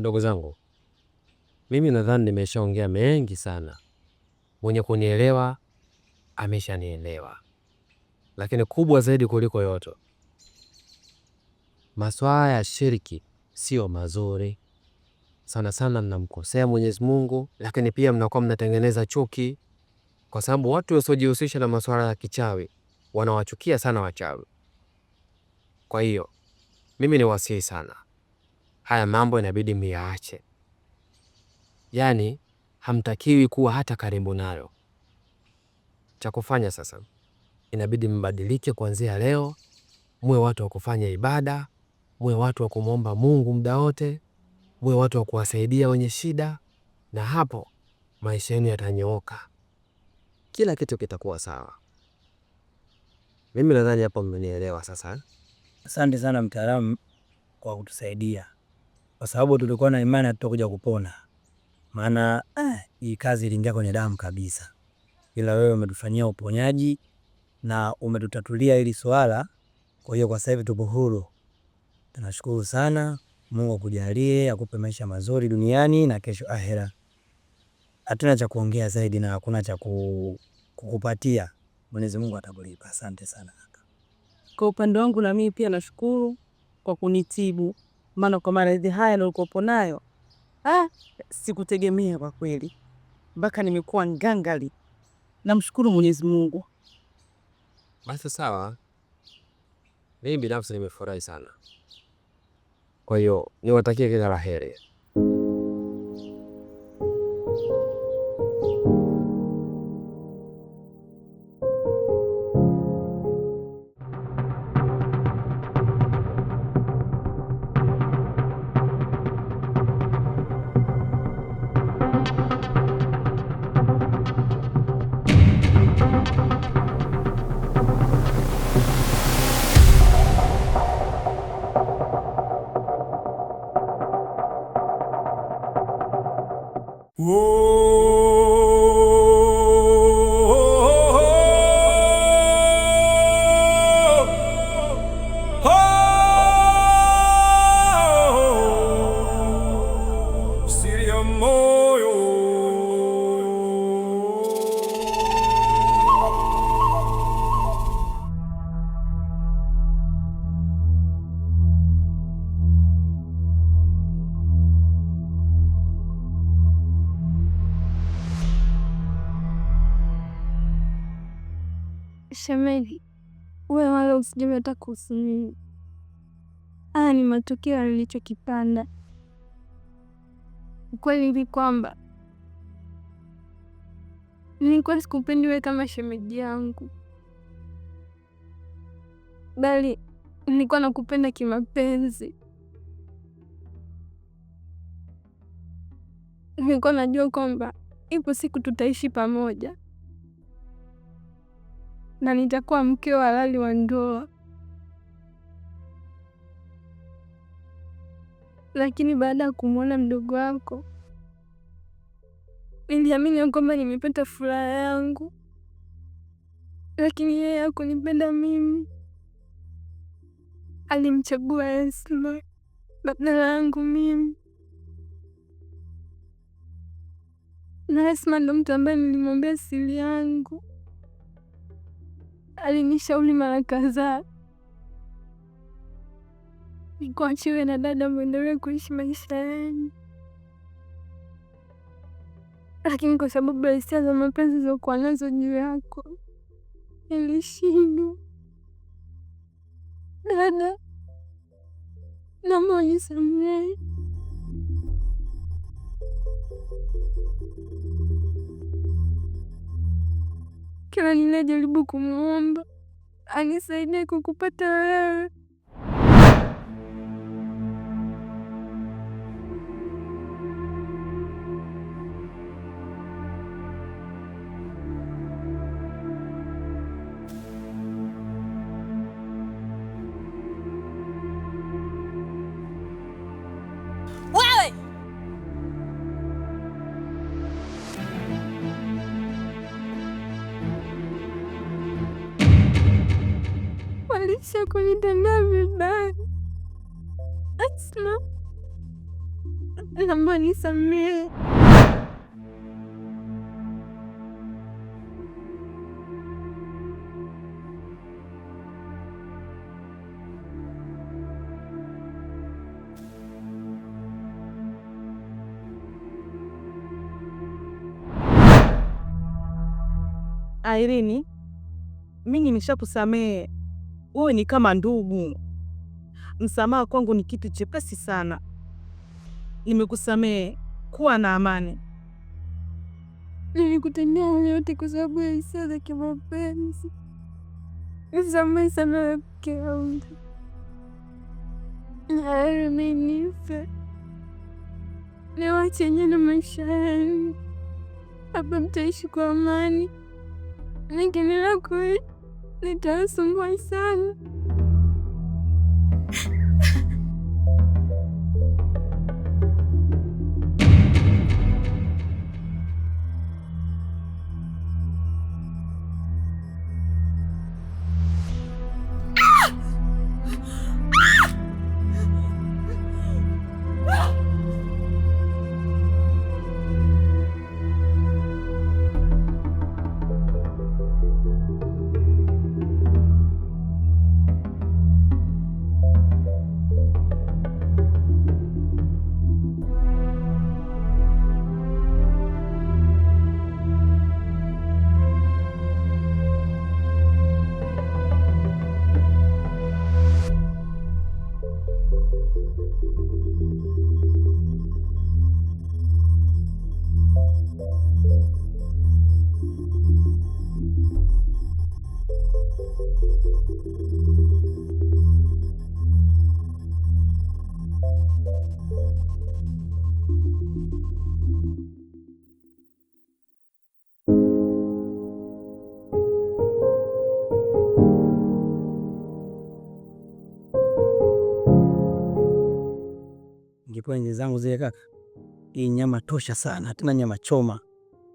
Ndugu zangu, mimi nadhani nimeshaongea mengi sana. Mwenye kunielewa ameshanielewa, lakini kubwa zaidi kuliko yote, maswala ya shiriki sio mazuri sana sana. Mnamkosea Mwenyezi Mungu, lakini pia mnakuwa mnatengeneza chuki, kwa sababu watu wasiojihusisha na masuala ya kichawi wanawachukia sana wachawi. Kwa hiyo mimi ni wasihi sana haya mambo inabidi myaache, yaani hamtakiwi kuwa hata karibu nayo. Cha kufanya sasa, inabidi mbadilike kuanzia leo, muwe watu wa kufanya ibada, muwe watu wa kumwomba Mungu muda wote, muwe watu wa kuwasaidia wenye shida, na hapo maisha yenu yatanyooka, kila kitu kitakuwa sawa. Mimi nadhani hapo mmenielewa sasa. Asante sana mtaalamu kwa kutusaidia kwa sababu tulikuwa na imani tutakuja kupona, maana eh, hii kazi iliingia kwenye damu kabisa, ila wewe umetufanyia uponyaji na umetutatulia hili swala. Kwa hiyo kwa sasa hivi tupo huru, tunashukuru sana. Mungu akujalie, akupe maisha mazuri duniani na kesho ahera. Hatuna cha kuongea zaidi na hakuna cha kukupatia. Mwenyezi Mungu atakulipa. Asante sana Kwa upande wangu na mimi pia nashukuru kwa kunitibu maana kwa maradhi haya nilikopo nayo ah, sikutegemea kwa kweli, mpaka nimekuwa ngangali. Namshukuru Mwenyezi Mungu. Basi sawa, mimi binafsi nimefurahi sana, kwa hiyo niwatakie kila la heri. Whoa! Shemeji, uwe wala usijali hata kuhusu mimi. Haya ni matokeo yalichokipanda Ukweli ni kwamba nilikuwa sikupendi wewe kama shemeji yangu, bali nilikuwa nakupenda kimapenzi. Nilikuwa najua kwamba ipo siku tutaishi pamoja na nitakuwa mke wa halali wa ndoa. Lakini baada ya kumwona mdogo wako, niliamini kwamba nimepata furaha yangu, lakini yeye hakunipenda mimi, alimchagua Esma badala yangu mimi. Na Esma ndo mtu ambaye nilimwambia siri yangu Alinishauri mara kadhaa nikuachiwe na dada, mwendelee kuishi maisha yenu, lakini kwa sababu ya hisia za mapenzi zokuwa nazo juu yako nilishindwa. Dada, naomba unisamehe. kila ninajaribu kumwomba anisaidie kukupata wewe. sio kunitendea vibaya. Asma, naomba nisamehe. Airini, mimi nimeshakusamehe wewe ni kama ndugu. Msamaha kwangu ni kitu chepesi sana. Nimekusamehe, kuwa na amani. Nilikutendea yote kwa sababu ya hisia za kimapenzi. Nisamehe sana mke wangu, naari umenipa, niwachanye na maisha yenu, hapa mtaishi kwa amani, lakini It does, my son. kwenye zangu zile kaka, hii nyama tosha sana, tena nyama choma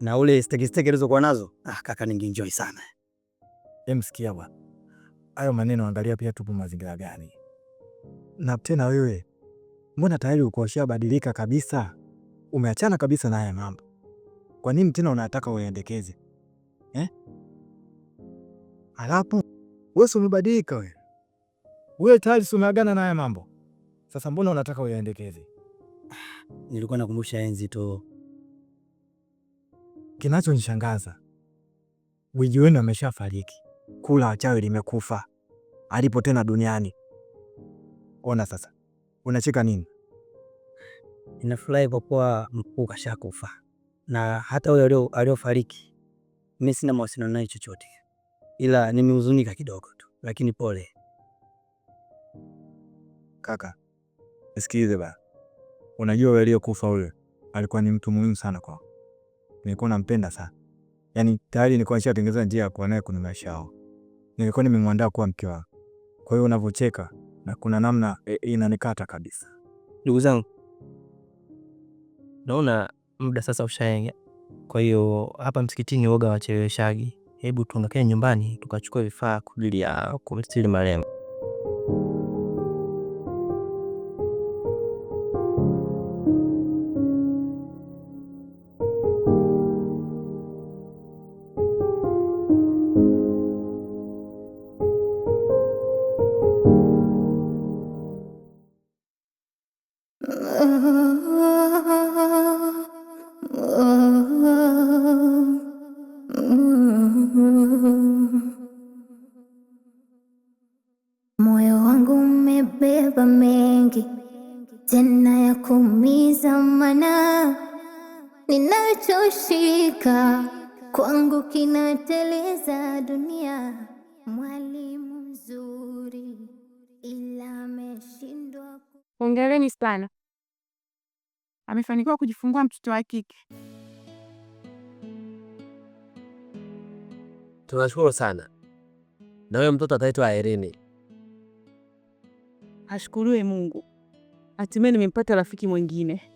na ule steki steki alizokuwa nazo. Ah kaka, ningeenjoy sana. Emsikia bwana, hayo maneno, angalia pia tupo mazingira gani, na tena wewe mbona tayari uko ushabadilika kabisa, umeachana kabisa na haya mambo. Kwa nini tena unataka uendekeze eh? Alafu wewe umebadilika wewe, wewe tayari umeagana na haya mambo, sasa mbona unataka uendekeze? nilikuwa nakumbusha enzi tu. Kinachonishangaza, wiji wenu ameshafariki, kula wachawi limekufa, alipo tena duniani. Ona sasa unacheka nini? Ninafurahi kwa kuwa mkuu kashakufa, na hata huyo aliofariki mi sina mawasiliano naye chochote, ila nimehuzunika kidogo tu, lakini pole kaka. Nisikilize bana Unajua wewe aliyokufa yule alikuwa ni mtu muhimu sana kwa nilikuwa nampenda sana yani, tayari nilikuwa nishatengeneza njia ya kuwa naye kwenye maisha yao, nilikuwa nimemwandaa kuwa mke wao. Kwa hiyo unavyocheka na kuna namna e, inanikata kabisa. Ndugu zangu, naona muda sasa ushaenga, kwa hiyo hapa msikitini woga wacheleweshaji, hebu tuondokee nyumbani tukachukua vifaa kwa ajili ya kumstiri marehemu. Moyo wangu umebeba mengi tena ya kumiza, mana ninachoshika kwangu kinateleza dunia. Mwalimu mzuri ila ameshindwa. Hongereni sana, amefanikiwa kujifungua mtoto wa kike. Tunashukuru sana, na huyo mtoto ataitwa Irene ashukuriwe Mungu, hatimaye nimempata rafiki mwingine.